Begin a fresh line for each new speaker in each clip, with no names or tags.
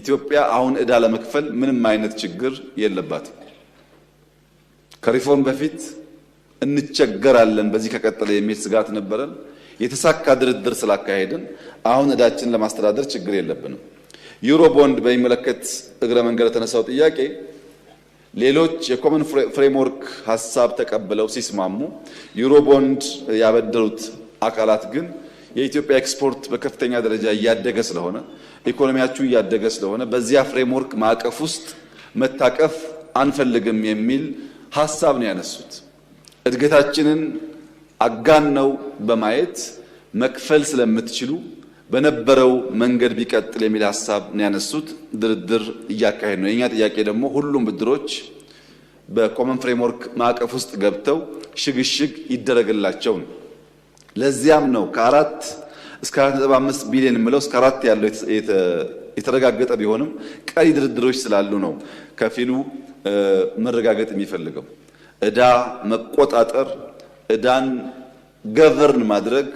ኢትዮጵያ አሁን እዳ ለመክፈል ምንም አይነት ችግር የለባትም። ከሪፎርም በፊት እንቸገራለን በዚህ ከቀጠለ የሚል ስጋት ነበረን። የተሳካ ድርድር ስላካሄድን አሁን እዳችን ለማስተዳደር ችግር የለብንም። ዩሮ ቦንድ በሚመለከት እግረ መንገድ የተነሳው ጥያቄ ሌሎች የኮመን ፍሬምወርክ ሀሳብ ተቀብለው ሲስማሙ ዩሮ ቦንድ ያበደሩት አካላት ግን የኢትዮጵያ ኤክስፖርት በከፍተኛ ደረጃ እያደገ ስለሆነ ኢኮኖሚያችሁ እያደገ ስለሆነ በዚያ ፍሬምወርክ ማዕቀፍ ውስጥ መታቀፍ አንፈልግም የሚል ሀሳብ ነው ያነሱት። እድገታችንን አጋን ነው በማየት መክፈል ስለምትችሉ በነበረው መንገድ ቢቀጥል የሚል ሀሳብ ነው ያነሱት። ድርድር እያካሄድ ነው። የእኛ ጥያቄ ደግሞ ሁሉም ብድሮች በኮመን ፍሬምወርክ ማዕቀፍ ውስጥ ገብተው ሽግሽግ ይደረግላቸው ነው። ለዚያም ነው ከአራት እስከ አራት ነጥብ አምስት ቢሊዮን የምለው እስከ አራት ያለው የተረጋገጠ ቢሆንም ቀሪ ድርድሮች ስላሉ ነው ከፊሉ መረጋገጥ የሚፈልገው። እዳ መቆጣጠር፣ እዳን ገቨርን ማድረግ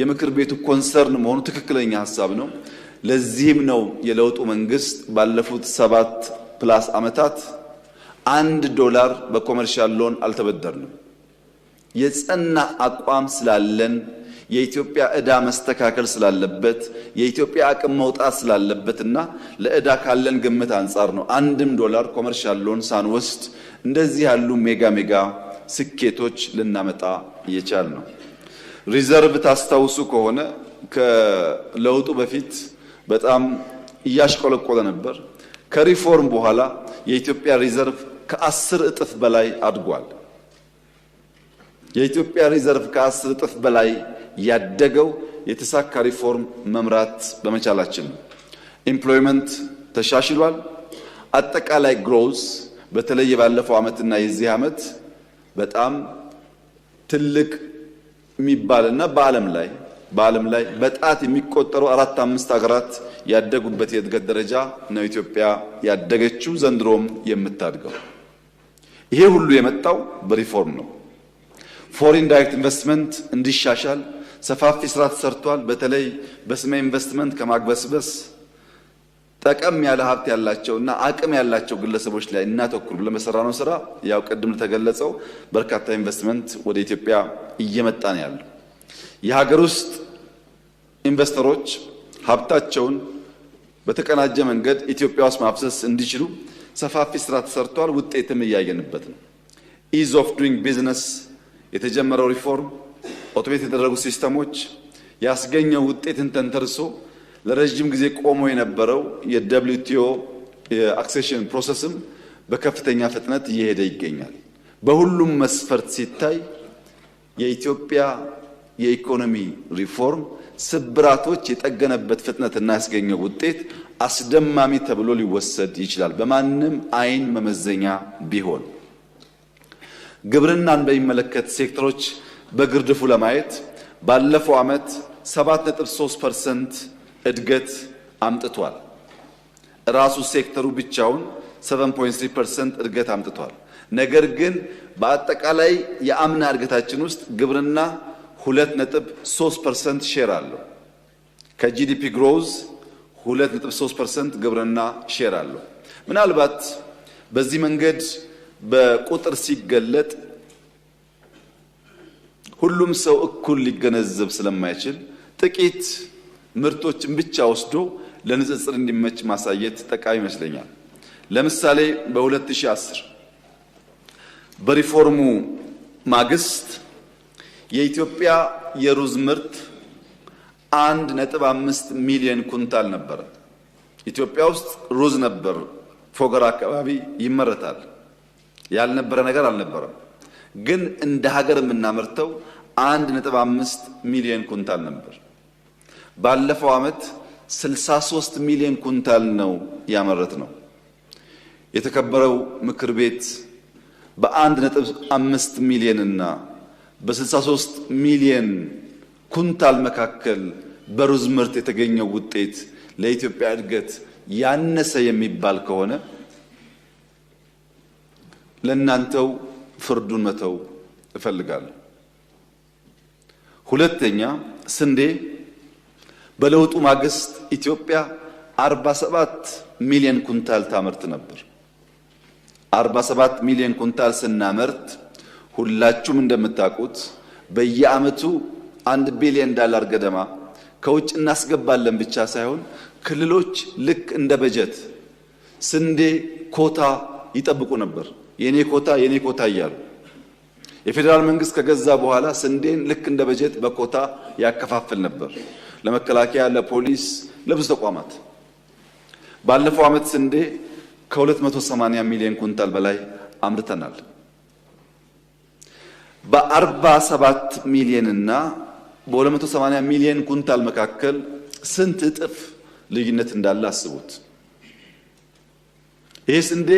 የምክር ቤቱ ኮንሰርን መሆኑ ትክክለኛ ሀሳብ ነው። ለዚህም ነው የለውጡ መንግስት ባለፉት ሰባት ፕላስ ዓመታት አንድ ዶላር በኮመርሻል ሎን አልተበደርንም። የጸና አቋም ስላለን የኢትዮጵያ ዕዳ መስተካከል ስላለበት የኢትዮጵያ አቅም መውጣት ስላለበትና ለዕዳ ካለን ግምት አንጻር ነው። አንድም ዶላር ኮመርሻል ሎን ሳንወስድ እንደዚህ ያሉ ሜጋ ሜጋ ስኬቶች ልናመጣ እየቻል ነው። ሪዘርቭ ታስታውሱ ከሆነ ከለውጡ በፊት በጣም እያሽቆለቆለ ነበር። ከሪፎርም በኋላ የኢትዮጵያ ሪዘርቭ ከአስር እጥፍ በላይ አድጓል። የኢትዮጵያ ሪዘርቭ ከአስር እጥፍ በላይ ያደገው የተሳካ ሪፎርም መምራት በመቻላችን ነው። ኢምፕሎይመንት ተሻሽሏል። አጠቃላይ ግሮዝ በተለይ ባለፈው ዓመትና የዚህ ዓመት በጣም ትልቅ የሚባልና በዓለም ላይ በዓለም ላይ በጣት የሚቆጠሩ አራት አምስት ሀገራት ያደጉበት የእድገት ደረጃ ነው ኢትዮጵያ ያደገችው፣ ዘንድሮም የምታድገው። ይሄ ሁሉ የመጣው በሪፎርም ነው። ፎሪን ዳይሬክት ኢንቨስትመንት እንዲሻሻል ሰፋፊ ስራ ተሰርቷል። በተለይ በስመ ኢንቨስትመንት ከማግበስበስ ጠቀም ያለ ሀብት ያላቸው እና አቅም ያላቸው ግለሰቦች ላይ እናተኩር ብለን ነው ስራ ያው ቅድም ተገለጸው በርካታ ኢንቨስትመንት ወደ ኢትዮጵያ እየመጣ ነው ያለው። የሀገር ውስጥ ኢንቨስተሮች ሀብታቸውን በተቀናጀ መንገድ ኢትዮጵያ ውስጥ ማፍሰስ እንዲችሉ ሰፋፊ ስራ ተሰርቷል። ውጤትም እያየንበት ነው። ኢዝ ኦፍ ዱይንግ ቢዝነስ የተጀመረው ሪፎርም ኦቶሜት የተደረጉ ሲስተሞች ያስገኘው ውጤትን ተንተርሶ ለረጅም ጊዜ ቆሞ የነበረው የደብሊውቲኦ የአክሴሽን ፕሮሰስም በከፍተኛ ፍጥነት እየሄደ ይገኛል። በሁሉም መስፈርት ሲታይ የኢትዮጵያ የኢኮኖሚ ሪፎርም ስብራቶች የጠገነበት ፍጥነትና ያስገኘው ውጤት አስደማሚ ተብሎ ሊወሰድ ይችላል፣ በማንም አይን መመዘኛ ቢሆን ግብርናን በሚመለከት ሴክተሮች በግርድፉ ለማየት ባለፈው ዓመት 7.3% እድገት አምጥቷል። ራሱ ሴክተሩ ብቻውን 7.3% እድገት አምጥቷል። ነገር ግን በአጠቃላይ የአምና እድገታችን ውስጥ ግብርና 2.3% ሼር አለው። ከጂዲፒ ግሮዝ 2.3% ግብርና ሼር አለው። ምናልባት በዚህ መንገድ በቁጥር ሲገለጥ ሁሉም ሰው እኩል ሊገነዘብ ስለማይችል ጥቂት ምርቶችን ብቻ ወስዶ ለንጽጽር እንዲመች ማሳየት ጠቃሚ ይመስለኛል። ለምሳሌ በ2010 በሪፎርሙ ማግስት የኢትዮጵያ የሩዝ ምርት አንድ ነጥብ አምስት ሚሊዮን ኩንታል ነበረ። ኢትዮጵያ ውስጥ ሩዝ ነበር፣ ፎገራ አካባቢ ይመረታል። ያልነበረ ነገር አልነበረም። ግን እንደ ሀገር የምናመርተው አንድ ነጥብ አምስት ሚሊዮን ኩንታል ነበር። ባለፈው ዓመት 63 ሚሊዮን ኩንታል ነው ያመረት ነው። የተከበረው ምክር ቤት በአንድ ነጥብ አምስት ሚሊዮን እና በ63 ሚሊዮን ኩንታል መካከል በሩዝ ምርት የተገኘው ውጤት ለኢትዮጵያ እድገት ያነሰ የሚባል ከሆነ ለእናንተው ፍርዱን መተው እፈልጋለሁ። ሁለተኛ ስንዴ በለውጡ ማግስት ኢትዮጵያ 47 ሚሊዮን ኩንታል ታመርት ነበር። 47 ሚሊዮን ኩንታል ስናመርት ሁላችሁም እንደምታውቁት በየአመቱ አንድ ቢሊዮን ዳላር ገደማ ከውጭ እናስገባለን ብቻ ሳይሆን ክልሎች ልክ እንደ በጀት ስንዴ ኮታ ይጠብቁ ነበር። የኔ ኮታ የኔ ኮታ እያሉ የፌዴራል መንግስት ከገዛ በኋላ ስንዴን ልክ እንደ በጀት በኮታ ያከፋፍል ነበር ለመከላከያ፣ ለፖሊስ፣ ለብዙ ተቋማት። ባለፈው ዓመት ስንዴ ከ280 ሚሊዮን ኩንታል በላይ አምርተናል። በ47 እና በ280 ሚሊዮን ኩንታል መካከል ስንት እጥፍ ልዩነት እንዳለ አስቡት። ይህ ስንዴ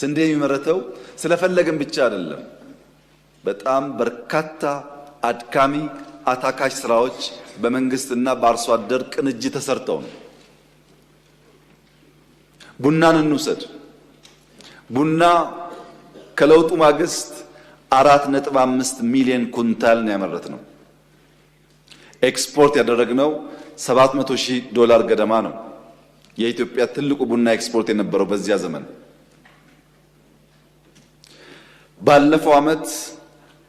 ስንዴ የሚመረተው ስለፈለግን ብቻ አይደለም። በጣም በርካታ አድካሚ አታካሽ ስራዎች በመንግስትና በአርሶ አደር ቅንጅ ተሰርተው ነው። ቡናን እንውሰድ። ቡና ከለውጡ ማግስት አራት ነጥብ አምስት ሚሊዮን ኩንታል ነው ያመረት ነው። ኤክስፖርት ያደረግነው ሰባት መቶ ሺህ ዶላር ገደማ ነው። የኢትዮጵያ ትልቁ ቡና ኤክስፖርት የነበረው በዚያ ዘመን ባለፈው ዓመት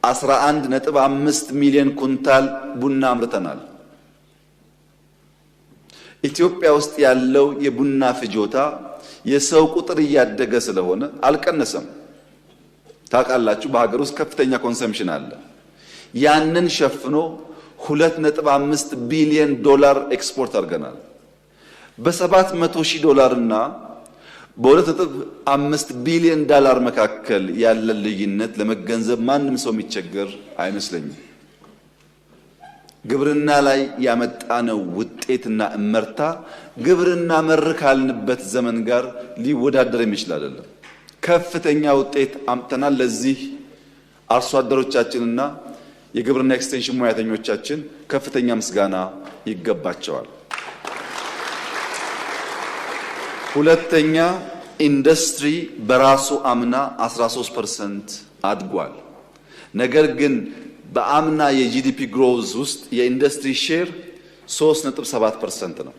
11.5 ሚሊዮን ኩንታል ቡና አምርተናል። ኢትዮጵያ ውስጥ ያለው የቡና ፍጆታ የሰው ቁጥር እያደገ ስለሆነ አልቀነሰም። ታውቃላችሁ፣ በሀገር ውስጥ ከፍተኛ ኮንሰምሽን አለ። ያንን ሸፍኖ 2.5 ቢሊዮን ዶላር ኤክስፖርት አድርገናል። በ700 ሺህ ዶላርና በሁለት ነጥብ አምስት ቢሊዮን ዳላር መካከል ያለን ልዩነት ለመገንዘብ ማንም ሰው የሚቸገር አይመስለኝም። ግብርና ላይ ያመጣነው ውጤትና እመርታ ግብርና መር ካልንበት ዘመን ጋር ሊወዳደር የሚችል አይደለም። ከፍተኛ ውጤት አምጥተናል። ለዚህ አርሶ አደሮቻችንና የግብርና ኤክስቴንሽን ሙያተኞቻችን ከፍተኛ ምስጋና ይገባቸዋል። ሁለተኛ ኢንዱስትሪ በራሱ አምና 13 ፐርሰንት አድጓል። ነገር ግን በአምና የጂዲፒ ግሮዝ ውስጥ የኢንዱስትሪ ሼር 3.7 ፐርሰንት ነው።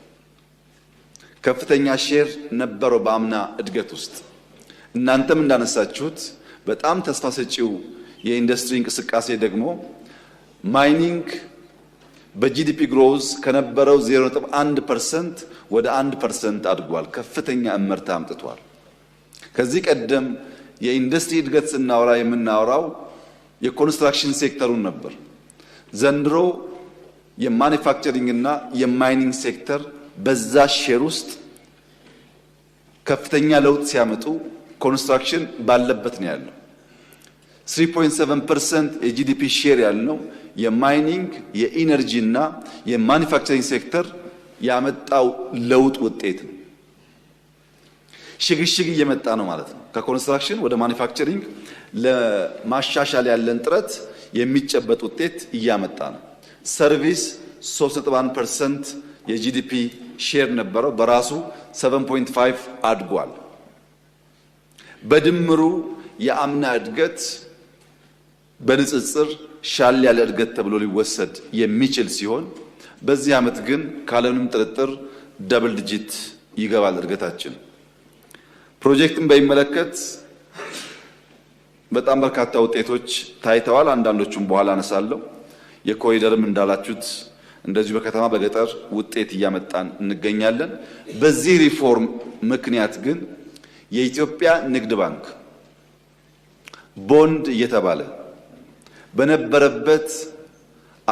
ከፍተኛ ሼር ነበረው በአምና እድገት ውስጥ። እናንተም እንዳነሳችሁት በጣም ተስፋ ሰጪው የኢንዱስትሪ እንቅስቃሴ ደግሞ ማይኒንግ በጂዲፒ ግሮዝ ከነበረው 0.1 ፐርሰንት ወደ 1 ፐርሰንት አድጓል። ከፍተኛ እመርታ አምጥቷል። ከዚህ ቀደም የኢንዱስትሪ እድገት ስናወራ የምናወራው የኮንስትራክሽን ሴክተሩን ነበር። ዘንድሮ የማኒፋክቸሪንግ እና የማይኒንግ ሴክተር በዛ ሼር ውስጥ ከፍተኛ ለውጥ ሲያመጡ ኮንስትራክሽን ባለበት ነው ያለው። 3.7 ፐርሰንት የጂዲፒ ሼር ያልነው የማይኒንግ የኢነርጂ እና የማኒፋክቸሪንግ ሴክተር ያመጣው ለውጥ ውጤት ነው። ሽግሽግ እየመጣ ነው ማለት ነው። ከኮንስትራክሽን ወደ ማኒፋክቸሪንግ ለማሻሻል ያለን ጥረት የሚጨበጥ ውጤት እያመጣ ነው። ሰርቪስ 3.1 ፐርሰንት የጂዲፒ ሼር ነበረው፣ በራሱ 7.5 አድጓል። በድምሩ የአምና እድገት በንጽጽር ሻል ያለ እድገት ተብሎ ሊወሰድ የሚችል ሲሆን በዚህ ዓመት ግን ካለምንም ጥርጥር ደብል ዲጂት ይገባል እድገታችን። ፕሮጀክትን በሚመለከት በጣም በርካታ ውጤቶች ታይተዋል። አንዳንዶቹም በኋላ አነሳለሁ። የኮሪደርም እንዳላችሁት እንደዚሁ በከተማ በገጠር ውጤት እያመጣን እንገኛለን። በዚህ ሪፎርም ምክንያት ግን የኢትዮጵያ ንግድ ባንክ ቦንድ እየተባለ በነበረበት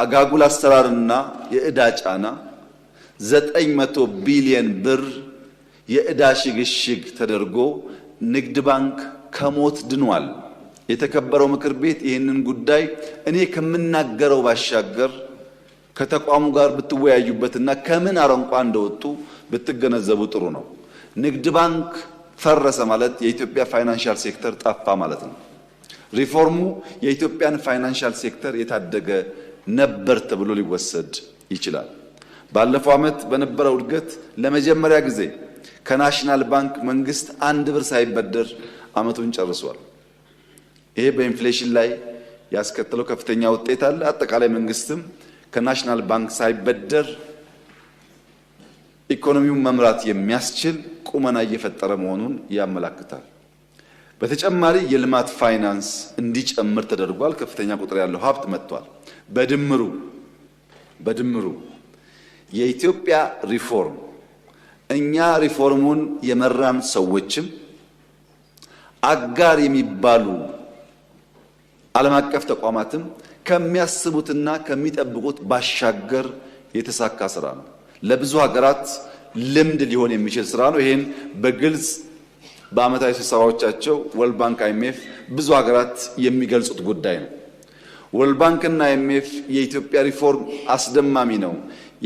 አጋጉል አሰራርና የዕዳ ጫና 900 ቢሊዮን ቢሊየን ብር የዕዳ ሽግሽግ ተደርጎ ንግድ ባንክ ከሞት ድኗል። የተከበረው ምክር ቤት ይህንን ጉዳይ እኔ ከምናገረው ባሻገር ከተቋሙ ጋር ብትወያዩበትና ከምን አረንቋ እንደወጡ ብትገነዘቡ ጥሩ ነው። ንግድ ባንክ ፈረሰ ማለት የኢትዮጵያ ፋይናንሻል ሴክተር ጠፋ ማለት ነው። ሪፎርሙ የኢትዮጵያን ፋይናንሻል ሴክተር የታደገ ነበር ተብሎ ሊወሰድ ይችላል። ባለፈው ዓመት በነበረው እድገት ለመጀመሪያ ጊዜ ከናሽናል ባንክ መንግስት አንድ ብር ሳይበደር ዓመቱን ጨርሷል። ይሄ በኢንፍሌሽን ላይ ያስከተለው ከፍተኛ ውጤት አለ። አጠቃላይ መንግስትም ከናሽናል ባንክ ሳይበደር ኢኮኖሚውን መምራት የሚያስችል ቁመና እየፈጠረ መሆኑን ያመላክታል። በተጨማሪ የልማት ፋይናንስ እንዲጨምር ተደርጓል። ከፍተኛ ቁጥር ያለው ሀብት መጥቷል። በድምሩ በድምሩ የኢትዮጵያ ሪፎርም እኛ ሪፎርሙን የመራን ሰዎችም አጋር የሚባሉ ዓለም አቀፍ ተቋማትም ከሚያስቡትና ከሚጠብቁት ባሻገር የተሳካ ስራ ነው። ለብዙ ሀገራት ልምድ ሊሆን የሚችል ስራ ነው። ይህን በግልጽ በአመታዊ ስብሰባዎቻቸው ወርልድ ባንክ አይኤምኤፍ ብዙ ሀገራት የሚገልጹት ጉዳይ ነው። ወርልድ ባንክና አይኤምኤፍ የኢትዮጵያ ሪፎርም አስደማሚ ነው፣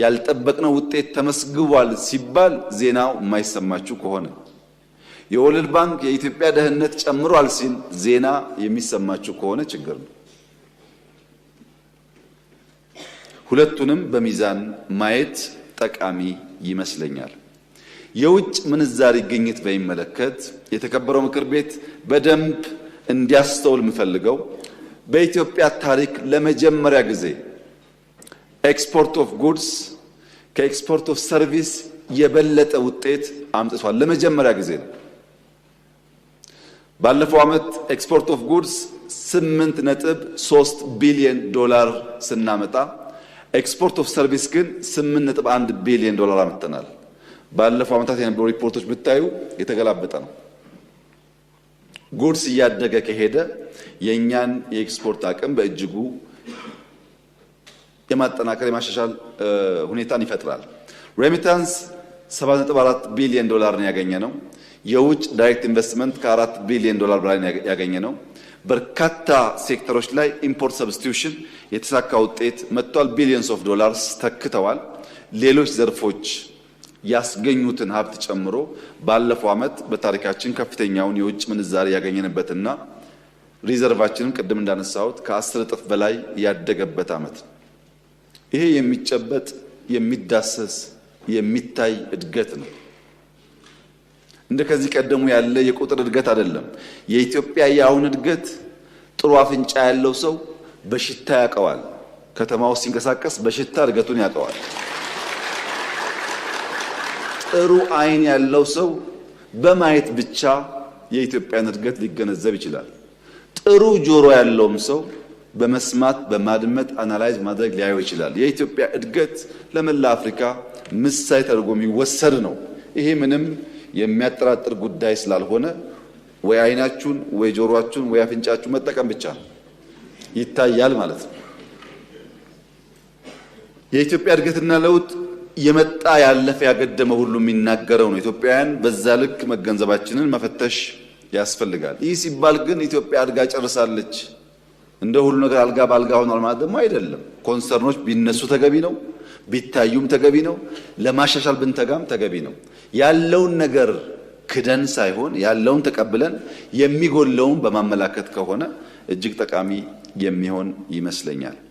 ያልጠበቅነው ውጤት ተመስግቧል ሲባል ዜናው የማይሰማችሁ ከሆነ የወርልድ ባንክ የኢትዮጵያ ደህንነት ጨምሯል ሲል ዜና የሚሰማችሁ ከሆነ ችግር ነው። ሁለቱንም በሚዛን ማየት ጠቃሚ ይመስለኛል። የውጭ ምንዛሪ ግኝት በሚመለከት የተከበረው ምክር ቤት በደንብ እንዲያስተውል የምፈልገው በኢትዮጵያ ታሪክ ለመጀመሪያ ጊዜ ኤክስፖርት ኦፍ ጉድስ ከኤክስፖርት ኦፍ ሰርቪስ የበለጠ ውጤት አምጥቷል። ለመጀመሪያ ጊዜ ነው። ባለፈው ዓመት ኤክስፖርት ኦፍ ጉድስ ስምንት ነጥብ ሶስት ቢሊየን ዶላር ስናመጣ ኤክስፖርት ኦፍ ሰርቪስ ግን ስምንት ነጥብ አንድ ቢሊየን ዶላር አምጥተናል። ባለፈው ዓመታት የነበሩ ሪፖርቶች ብታዩ የተገላበጠ ነው። ጉድስ እያደገ ከሄደ የእኛን የኤክስፖርት አቅም በእጅጉ የማጠናከር የማሻሻል ሁኔታን ይፈጥራል። ሬሚታንስ 7.4 ቢሊዮን ዶላር ነው ያገኘ ነው። የውጭ ዳይሬክት ኢንቨስትመንት ከ4 ቢሊዮን ዶላር በላይ ያገኘ ነው። በርካታ ሴክተሮች ላይ ኢምፖርት ሰብስቲዩሽን የተሳካ ውጤት መጥቷል። ቢሊዮንስ ኦፍ ዶላርስ ተክተዋል። ሌሎች ዘርፎች ያስገኙትን ሀብት ጨምሮ ባለፈው ዓመት በታሪካችን ከፍተኛውን የውጭ ምንዛሪ ያገኘንበትና ሪዘርቫችንም ቅድም እንዳነሳሁት ከአስር እጥፍ በላይ ያደገበት ዓመት ነው። ይሄ የሚጨበጥ የሚዳሰስ የሚታይ እድገት ነው። እንደ ከዚህ ቀደሙ ያለ የቁጥር እድገት አይደለም። የኢትዮጵያ የአሁን እድገት ጥሩ አፍንጫ ያለው ሰው በሽታ ያውቀዋል። ውስጥ ሲንቀሳቀስ በሽታ እድገቱን ያውቀዋል። ጥሩ አይን ያለው ሰው በማየት ብቻ የኢትዮጵያን እድገት ሊገነዘብ ይችላል። ጥሩ ጆሮ ያለውም ሰው በመስማት በማድመጥ አናላይዝ ማድረግ ሊያየው ይችላል። የኢትዮጵያ እድገት ለመላ አፍሪካ ምሳሌ ተደርጎ የሚወሰድ ነው። ይሄ ምንም የሚያጠራጥር ጉዳይ ስላልሆነ ወይ አይናችሁን ወይ ጆሮአችሁን ወይ አፍንጫችሁን መጠቀም ብቻ ነው፣ ይታያል ማለት ነው። የኢትዮጵያ እድገትና ለውጥ የመጣ ያለፈ ያገደመ ሁሉ የሚናገረው ነው። ኢትዮጵያውያን በዛ ልክ መገንዘባችንን መፈተሽ ያስፈልጋል። ይህ ሲባል ግን ኢትዮጵያ አድጋ ጨርሳለች እንደ ሁሉ ነገር አልጋ በአልጋ ሆኗል ማለት ደግሞ አይደለም። ኮንሰርኖች ቢነሱ ተገቢ ነው፣ ቢታዩም ተገቢ ነው፣ ለማሻሻል ብንተጋም ተገቢ ነው። ያለውን ነገር ክደን ሳይሆን ያለውን ተቀብለን የሚጎለውን በማመላከት ከሆነ እጅግ ጠቃሚ የሚሆን ይመስለኛል።